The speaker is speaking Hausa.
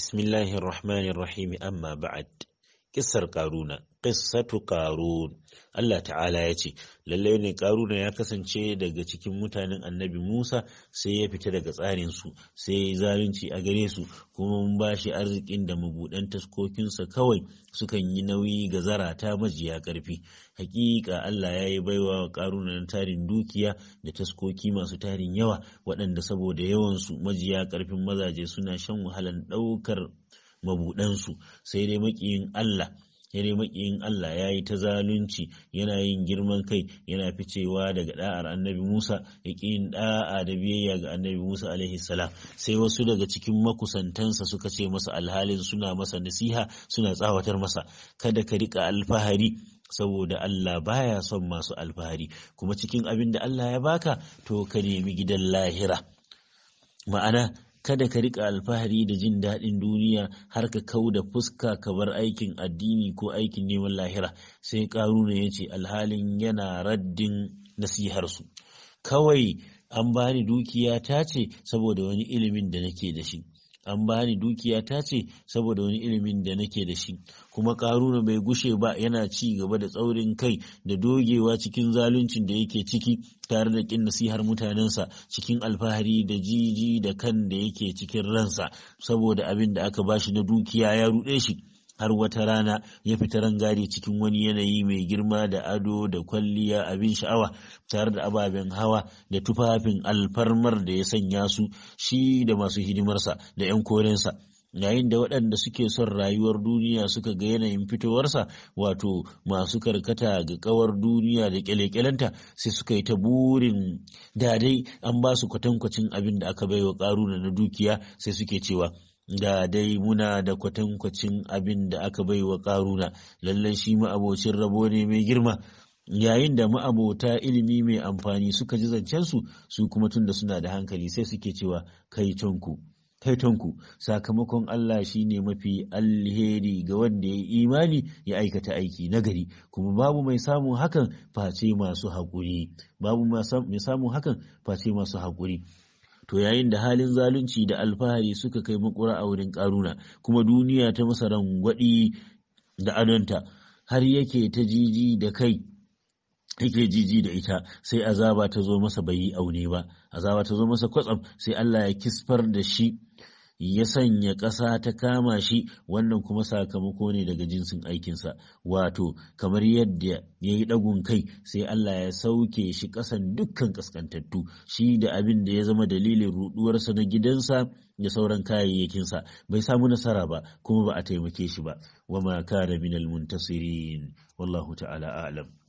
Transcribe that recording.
بسم الله الرحمن الرحيم أما بعد ƙisar karuna ƙissatu ƙarun Allah ta'ala ya ce lallai ne ƙaruna ya kasance daga cikin mutanen annabi Musa sai ya fita daga tsarinsu sai ya yi zalunci a gare su kuma mun ba shi arzikin da mabuɗan taskokinsa kawai sukan yi nauyi ga zarata majiya ƙarfi hakika Allah ya yi baiwa wa ƙaruna na tarin dukiya da taskoki masu tarin yawa waɗanda saboda yawansu majiya ƙarfin mazaje suna shan wahalan ɗaukar mabudansu sai dai makiyin Allah sai dai makiyin Allah ya yi ta zalunci yana yin girman kai yana ficewa daga da'ar annabi Musa ya ƙi yin da'a da biyayya ga annabi Musa alaihi salam sai wasu daga cikin makusantansa suka ce masa alhalin suna masa nasiha suna tsawatar masa kada ka riƙa alfahari saboda Allah baya son masu alfahari kuma cikin abin da Allah ya baka to ka nemi gidan lahira ma'ana kada ka rika alfahari da jin daɗin duniya har ka kau da fuska ka bar aikin addini ko aikin neman lahira sai ƙaruna ya ce alhalin yana raddin nasiharsu kawai an bani dukiya ta ce saboda wani ilimin da nake da shi an bani dukiya ta ce saboda wani ilimin da nake da shi kuma karuna bai gushe ba yana ci gaba da tsaurin kai da dogewa cikin zaluncin da yake ciki tare da kin nasihar mutanensa cikin alfahari da jiji da kan da yake cikin ransa saboda abin da aka bashi na dukiya ya ruɗe shi har wata rana ya fita rangadi cikin wani yanayi mai girma da ado da kwalliya abin sha'awa tare da ababen hawa da tufafin alfarmar da ya sanya su shi da masu hidimarsa da 'yan korensa yayin da waɗanda suke son rayuwar duniya suka ga yanayin fitowarsa wato masu karkata ga kawar duniya da kyale-kyalenta sai suka yi ta burin dadai an ba su kwatankwacin abin da aka baiwa ƙaruna na dukiya sai suke cewa da dai muna da kwatankwacin abin da aka bai wa ƙaruna lallai shi ma'abocin rabo ne mai girma yayin da ma'abota ilimi mai amfani suka ji zancensu su kuma tunda suna da hankali sai suke cewa kai tonku sakamakon Allah shi ne mafi alheri ga wanda ya imani ya aikata aiki nagari kuma babu mai samun hakan face masu haƙuri to yayin da halin zalunci da alfahari suka kai makura a wurin karuna kuma duniya ta masa rangwaɗi da adonta har yake ta jiji da kai yake jiji da ita sai azaba ta zo masa bai yi aune ba azaba ta zo masa kwatsam sai Allah ya kisfar da shi ya sanya ƙasa ta kama shi wannan kuma sakamako ne daga jinsin aikinsa wato kamar yadda ya yi ɗagun kai sai Allah ya sauke shi ƙasan dukkan ƙasƙantattu shi da abin da ya zama dalilin ruɗuwarsa na gidansa da sauran kayayyakinsa bai samu nasara ba kuma ba a taimake shi ba wama kana minal muntasirin wallahu ta'ala a'lam